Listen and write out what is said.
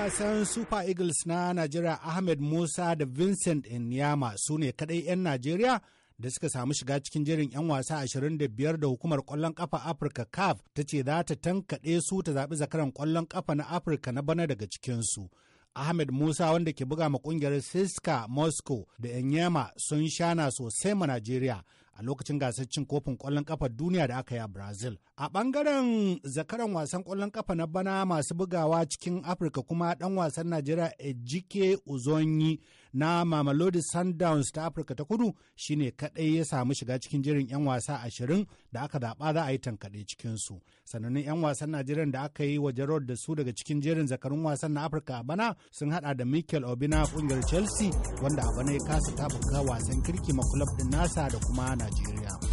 wasan Super Eagles na Najeriya Ahmed Musa da Vincent Enyama su ne kaɗai 'yan Najeriya da suka samu shiga cikin jirin 'yan wasa 25 da hukumar kwallon kafa Afirka CAF ta ce za ta tankaɗe su ta zaɓi zakaran kwallon kafa na Afirka na bana daga cikinsu. Ahmed Musa wanda ke buga ma kungiyar Siska Moscow da Enyema sun shana sosai ma Najeriya a lokacin gasar cin kofin kwallon ƙafar duniya da aka yi a Brazil. A ɓangaren zakaran wasan kwallon kafa na bana masu bugawa cikin Afirka kuma Dan wasan Najeriya Ejike Uzonyi na Mamelodi Sundowns ta Afirka ta Kudu shine kaɗai ya samu shiga cikin jirin 'yan wasa ashirin da aka zaɓa za a yi tankaɗe cikinsu. Sanannun 'yan wasan Najeriya da aka yi wa jarod da su daga cikin jerin zakarun wasan na Afirka a bana sun haɗa da Mikel Obina kungiyar ƙungiyar Chelsea wanda a bana ya kasa tabuka wasan kirki ma makulab ɗin nasa da kuma na 局面。